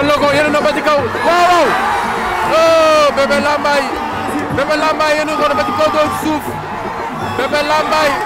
a na ko yéene na ko ci kaw waaw waaw oh Bébé Lambaye Bébé Lambaye suuf Bébé Lambaye